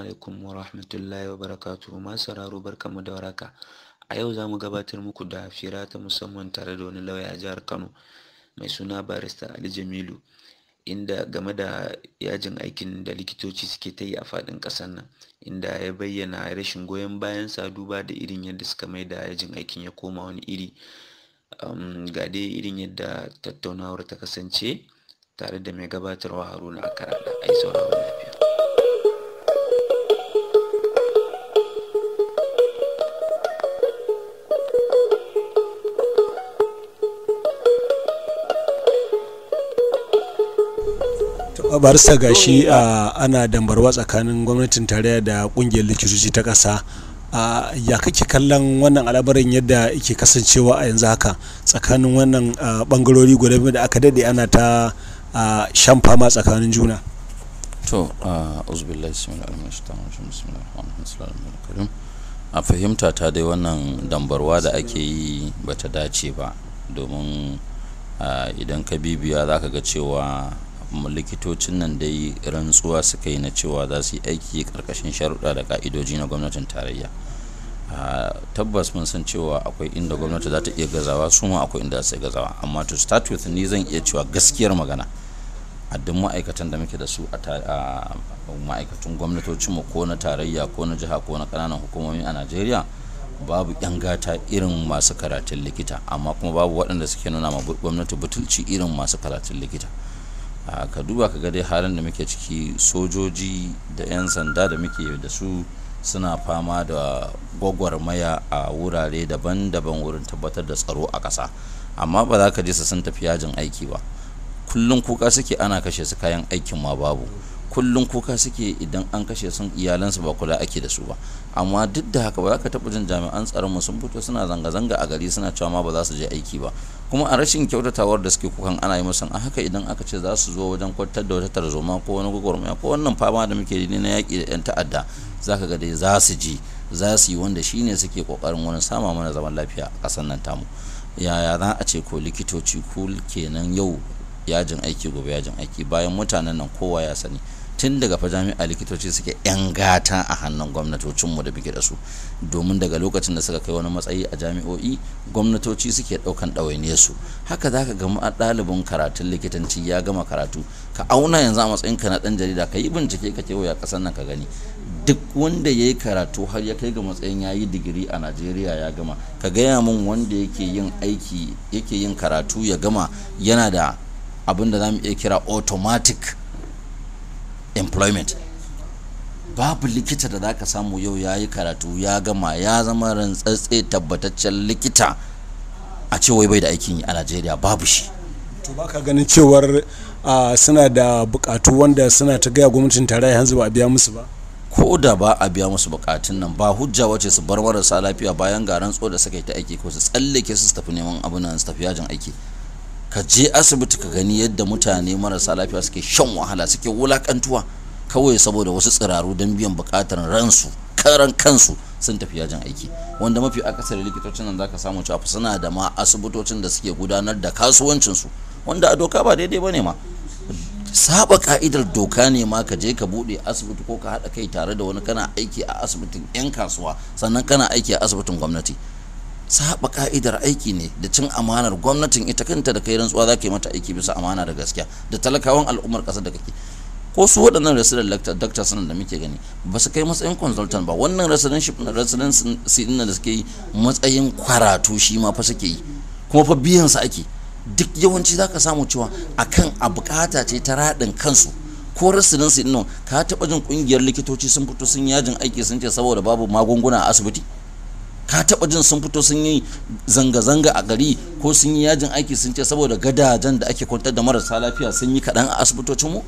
alaikum wa rahmatullahi wa barakatuhu masu sauraro da waraka. A yau za mu gabatar muku da fira ta musamman tare da wani lauya a jihar Kano mai suna barista Ali Jamilu inda game da yajin aikin da likitoci suke ta yi a faɗin ƙasar nan inda ya bayyana rashin goyon bayan sa duba da irin yadda suka mai da yajin aikin ya koma wani iri gade irin yadda tattaunawar ta kasance tare da mai gabatarwa Haruna Akara da ai sauraron barista gashi ana dambarwa tsakanin gwamnatin tarayya da kungiyar likitoci ta kasa ya kake kallon wannan al'abarin yadda ke kasancewa a yanzu haka tsakanin wannan bangarori guda da aka dade ana ta shan fama tsakanin juna to a fahimta ta dai wannan dambarwa da ake yi bata dace ba domin idan ka bibiya za ka ga cewa likitocin nan dai rantsuwa suka yi na cewa za su yi aiki karkashin sharuɗa da ka'idoji na gwamnatin tarayya tabbas mun san cewa akwai inda gwamnati za ta iya gazawa su ma akwai inda za su gazawa amma to start with ni zan iya cewa gaskiyar magana a duk ma'aikatan da muke da su a ma'aikatun gwamnatocin mu ko na tarayya ko na jiha ko na kananan hukumomi a najeriya babu yan gata irin masu karatun likita amma kuma babu waɗanda suke nuna ma gwamnati butulci irin masu karatun likita ka duba ka ga dai halin da muke ciki sojoji da 'yan sanda da muke da su suna fama da gwagwarmaya a wurare daban-daban wurin tabbatar da tsaro a ƙasa amma ba za ka je su sun tafi yajin aiki ba kullum kuka suke ana kashe su kayan aikin ma babu kullum kuka suke idan an kashe sun iyalansu ba kula ake da su ba amma duk da haka ba za ka taɓa jin jami'an mu sun fito suna zanga-zanga a gari suna cewa ma ba za su je aiki ba kuma a rashin kyautatawar da suke kukan ana yi musan a haka idan aka ce za su zo wajen kwantar da wata tarzoma ko wani gwagwarmaya ko wannan fama da muke ne na yaƙi da 'yan ta'adda za ka ga dai za su ji za su yi wanda shine suke ƙoƙarin wani sama mana zaman lafiya a ƙasar nan tamu yaya za a ce ko likitoci ku kenan yau yajin aiki gobe yajin aiki bayan mutanen nan kowa ya sani tun daga fa jami'a likitoci suke yan gata a hannun gwamnatocinmu da bige da su domin daga lokacin da suka kai wani matsayi a jami'o'i gwamnatoci suke ɗaukan ɗawainiyar su haka za ka a ɗalibin karatun likitanci ya gama karatu ka auna yanzu a matsayinka na ɗan jarida ka yi bincike ka kewaya ƙasar nan ka gani duk wanda ya yi karatu har ya kai ga matsayin ya yi digiri a najeriya ya gama ka gaya mun wanda yake yin aiki yake yin karatu ya gama yana da abin da za mu iya kira automatic employment babu likita da zaka samu yau yayi karatu ya gama ya zama rantsatse tabbataccen likita a cewa bai da aikin yi a najeriya babu shi to baka ganin cewar suna da bukatu wanda suna ta gaya gwamnatin tarayya yanzu ba a biya musu ba ko da ba a biya musu bukatun nan ba hujja wace su bar marasa lafiya bayan ga tso da suka yi ta aiki ko su tsallake su tafi neman abin nan su tafi yajin aiki ka je asibiti ka gani yadda mutane marasa lafiya suke shan wahala suke wulakantuwa kawai saboda wasu tsiraru don biyan bukatar ransu karan kansu sun tafi yajin aiki wanda mafi akasari likitocin nan zaka samu cewa suna da ma asibitocin da suke gudanar da kasuwancin su wanda a doka ba daidai bane ma saba ka'idar doka ne ma ka je ka bude asibiti ko ka haɗa kai tare da wani kana aiki a asibitin 'yan kasuwa sannan kana aiki a asibitin gwamnati saba ka'idar aiki ne da cin amanar gwamnatin ita kanta da kai rantsuwa za ka mata aiki bisa amana da gaskiya da talakawan al'ummar kasar da kake ko su waɗannan lakta doctor sanan da muke gani ba su kai matsayin consultant ba wannan residency na residency din da suke yi matsayin kwaratu shi ma fa suke yi kuma fa biyan su ake duk yawanci zaka samu cewa akan a bukata ce ta raɗin kansu ko residency din ka taɓa jin kungiyar likitoci sun fito sun yajin aiki sun ce saboda babu magunguna a asibiti ka taba jin sun fito sun yi zanga-zanga a gari ko sun yi yajin aiki sun ce saboda gadajen da ake kwantar da marasa lafiya sun yi kaɗan a asibitocinmu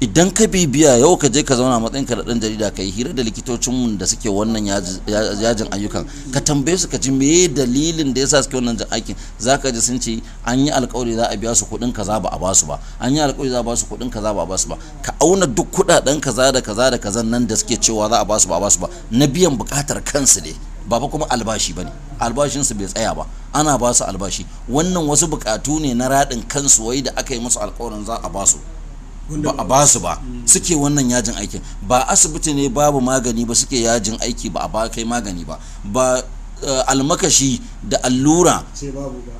idan ka bibiya yau ka je ka zauna matsayin ka da ɗan jarida ka yi hira da likitocinmu da suke wannan yajin ayyukan ka tambaye su ka ji me dalilin da yasa suke wannan jin aikin za ka ji sun ce an yi alkawari za a biya su kuɗin kaza ba a ba su ba an yi alkawari za a ba su kuɗin kaza ba a ba su ba ka auna duk kuɗaɗen kaza da kaza da kaza nan da suke cewa za a ba su ba a ba su ba na biyan buƙatar kansu ne baba kuma albashi bane albashin su bai tsaya ba ana ba su albashi wannan wasu bukatu ne na raɗin kansu wai da aka yi musu alkawarin za a ba su ba a ba su ba suke wannan yajin aikin ba asibiti ne babu magani ba suke yajin aiki ba a ba kai magani ba ba Eh, almakashi da allura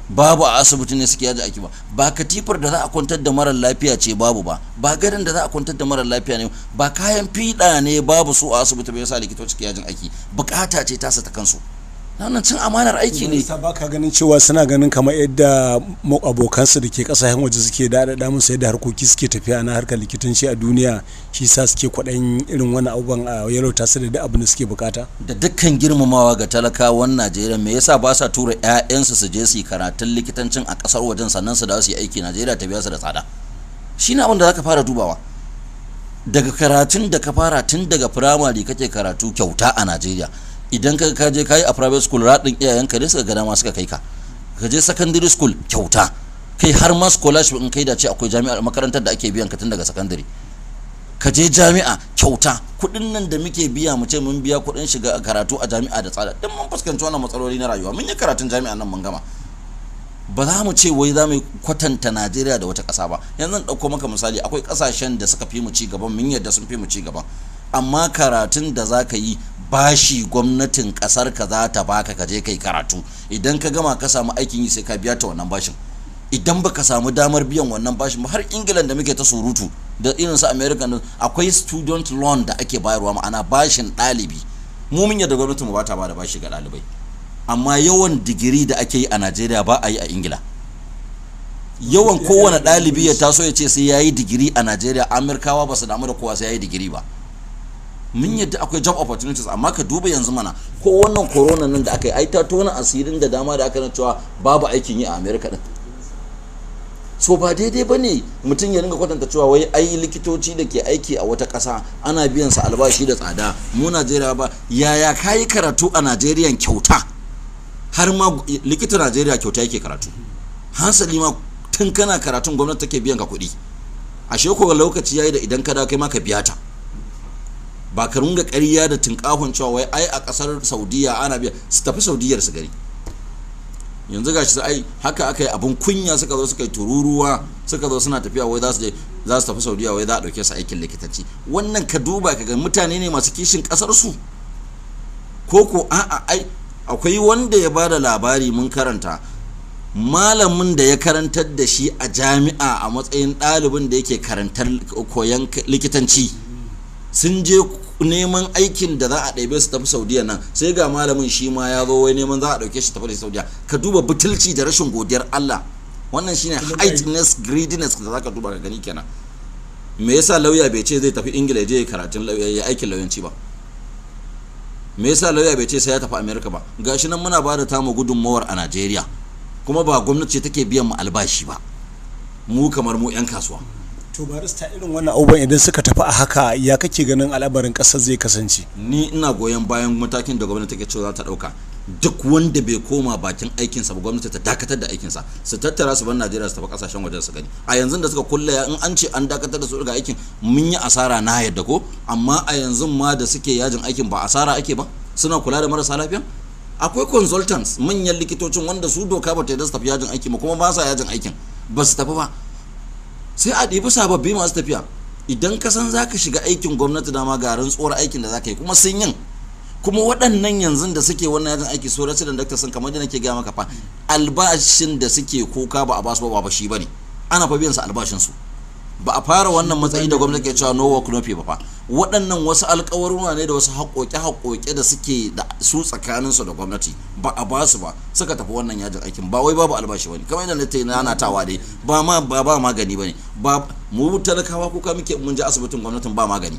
babu a asibiti ne suke yaji aki ba ba katifar da za a kwantar da marar lafiya ce babu ba ba gadon da za a kwantar da marar lafiya ne ba kayan fiɗa ne babu su a asibiti ba yasa likitoci suke yajin aiki bukata ce tasa ta kansu wannan cin amanar aiki ne sa baka ganin cewa suna ganin kamar yadda abokansu da ke kasashen waje suke da da musu yadda harkoki suke tafiya na harkar likitanci a duniya shi sa suke kwaɗayin irin wani abubuwan a yalo ta su da duk abin da suke bukata da dukkan girmamawa ga talakawan Najeriya me yasa ba sa tura ƴaƴansu su je su yi karatun likitancin a kasar wajen sannan su da su yi aiki Najeriya ta biya su da tsada shi ne abin da zaka fara dubawa daga karatun da ka fara tun daga firamare kake karatu kyauta a Najeriya idan ka ka je kai a private school radin iyayenka ne suka ga dama suka kai ka ka je secondary school kyauta kai har ma scholarship in kai ce akwai jami'ar makarantar da ake biyan ka tun daga secondary ka je jami'a kyauta kuɗin nan da muke biya mu ce mun biya kuɗin shiga karatu a jami'a da tsada din mun fuskanci wannan matsaloli na rayuwa mun yi karatun jami'a nan mun gama ba za mu ce wai za mu kwatanta Najeriya da wata ƙasa ba yanzu dauko maka misali akwai ƙasashen da suka fi mu ci gaban mun yadda sun fi mu ci gaban amma karatun da za ka yi bashi gwamnatin kasar ka za ta baka ka je kai karatu idan ka gama ka samu aikin yi sai ka biya ta wannan bashin idan baka samu damar biyan wannan bashin har ingilan da muke ta surutu da irin su america akwai student loan da ake bayarwa ma'ana bashin ɗalibi mu mun yadda gwamnatin mu ba ta bada bashi ga ɗalibai amma yawan digiri da ake yi a najeriya ba a yi a ingila yawan kowane ɗalibi ya taso ya ce sai ya yi digiri a najeriya amirkawa ba su damu da kowa sai ya yi digiri ba mun yadda akwai job opportunities amma ka duba yanzu mana ko wannan corona nan da aka yi ai ta tona asirin da dama da aka na cewa babu aikin yi a america din so ba daidai ba ne mutum ya ringa kwatanta cewa wai ai likitoci da ke aiki a wata ƙasa ana biyan su albashi da tsada mu najeriya ba yaya ka karatu a najeriya kyauta har ma likita najeriya kyauta yake karatu hansali ma tun kana karatun gwamnati take biyan ka kuɗi ashe ko lokaci yayi da idan ka da kai ma ka biya ta ba ka runga ƙarya da tunƙahon cewa wai ai a ƙasar saudiya ana biya su tafi saudiyar su gari yanzu gashi su ai haka aka yi abin kunya suka zo suka yi tururuwa suka zo suna tafiya wai za su je za su tafi saudiya wai za a ɗauke su aikin likitanci wannan ka duba ka ga mutane ne masu kishin ƙasar su ko ko a'a ai akwai wanda ya bada labari mun karanta malamin da ya karantar da shi a jami'a a matsayin ɗalibin da yake karantar koyon likitanci sun je neman aikin da za a ɗaibe su tafi saudiya nan sai ga malamin shi ma ya zo wai neman za a ɗauke shi tafi saudiya ka duba butulci da rashin godiyar allah wannan shine heightness greediness da za ka duba ka gani kenan me yasa lauya bai ce zai tafi ingila je karatun ya aikin lauyanci ba me yasa lauya bai ce sai ya tafi america ba gashi nan muna bada tamu gudunmawar a najeriya kuma ba gwamnati take biyan mu albashi ba mu kamar mu 'yan kasuwa to barista irin wannan abubuwan idan suka tafi a haka ya kake ganin al'amarin ƙasar zai kasance ni ina goyon bayan matakin da gwamnati take cewa za ta ɗauka duk wanda bai koma bakin aikinsa ba gwamnati ta dakatar da aikinsa su tattara su bar najeriya su tafi kasashen wajen su gani a yanzu da suka kulla in an ce an dakatar da su daga aikin mun yi asara na yadda ko amma a yanzu ma da suke yajin aikin ba asara ake ba suna kula da marasa lafiya akwai consultants manyan likitocin wanda su doka ba ta yi da su tafi yajin aiki ba kuma ba sa yajin aikin ba su tafi ba sai a ɗibi sababbi masu tafiya idan ka san za ka shiga aikin gwamnati dama garin tsoron aikin da za ka yi kuma sun yin kuma waɗannan yanzu da suke wannan yajin aiki su rasu da dakta sun kamar da nake gaya maka fa albashin da suke kuka ba a basu ba ba shi ne ana fa biyan su albashin su ba a fara wannan matsayi da gwamnati ke cewa no work no pay ba fa waɗannan wasu alkawaruna ne da wasu haƙoƙe-haƙoƙe da suke da su tsakaninsu da gwamnati ba a ba su ba suka tafi wannan yajin aikin ba wai babu albashi bane kamar yadda ta yana tawa dai ba ma ba ba magani bane ba mu talakawa ka muke mun je asibitin gwamnatin ba magani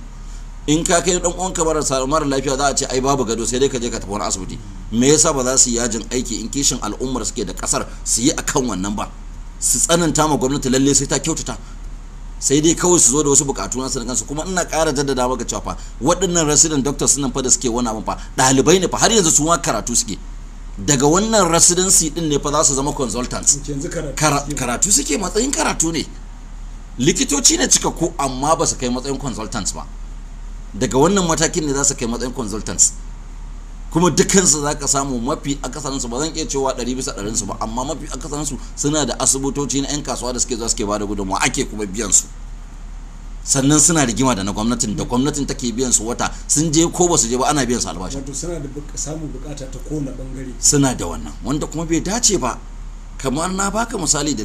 in ka kai dan uwanka sa mara lafiya za a ce ai babu gado sai dai ka je ka tafi wani asibiti me yasa ba za su yi yajin aiki in kishin al'ummar suke da kasar su yi akan wannan ba su tsananta ma gwamnati lalle sai ta kyautata sai dai kawai su zo da wasu bukatu na sanin kansu kuma ina ƙara jaddada maka cewa fa waɗannan resident doctors nan fa da suke wani abin fa ɗalibai ne fa har yanzu su ma karatu suke daga wannan residency din ne fa za su zama consultants karatu suke matsayin karatu ne likitoci ne cika ko amma ba su kai matsayin consultants ba daga wannan matakin ne za su kai matsayin consultants kuma dukansu za ka samu mafi akasaransu ba zan iya cewa ɗari bisa ɗarinsu ba amma mafi akasaransu suna da asibitoci na 'yan kasuwa da suke zuwa suke bada gudunmu ake kuma biyan su sannan suna rigima da na gwamnatin da gwamnatin take biyan su wata sun je ko ba su je ba ana biyan su albashi wato suna da samun bukata ta kowane bangare suna da wannan wanda kuma bai dace ba kamar na baka misali da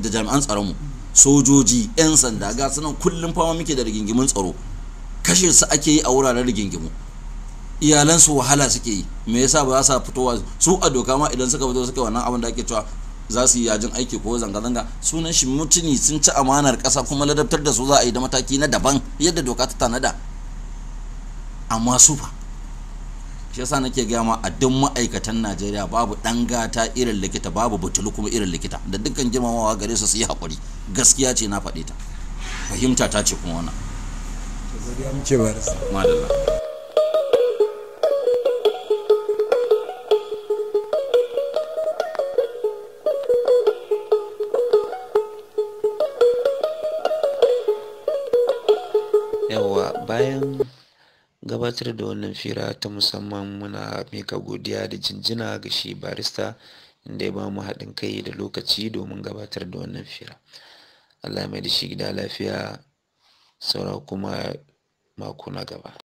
da jami'an tsaron mu sojoji yan sanda ga sunan kullum fama muke da rigingimin tsaro kashe su ake yi a wuraren rigingimu iyalansu wahala suke yi me yasa ba za su fitowa su a doka ma idan suka fito suka wannan abin da ake cewa za su yi yajin aiki ko zanga-zanga sunan shi mutuni sun ci amanar kasa kuma ladabtar da su za a yi da mataki na daban yadda doka ta tanada amma su fa shi yasa nake gaya ma a duk ma'aikatan Najeriya babu ɗan gata irin likita babu butulu kuma irin likita da dukkan girmamawa gare su su yi hakuri gaskiya ce na faɗe ta fahimta ta ce kuma wannan. gabatar da wannan fira ta musamman muna mika godiya da jinjina ga shi barista inda ya ba mu haɗin kai da lokaci domin gabatar da wannan fira allah mai da shi gida lafiya saura kuma mako na gaba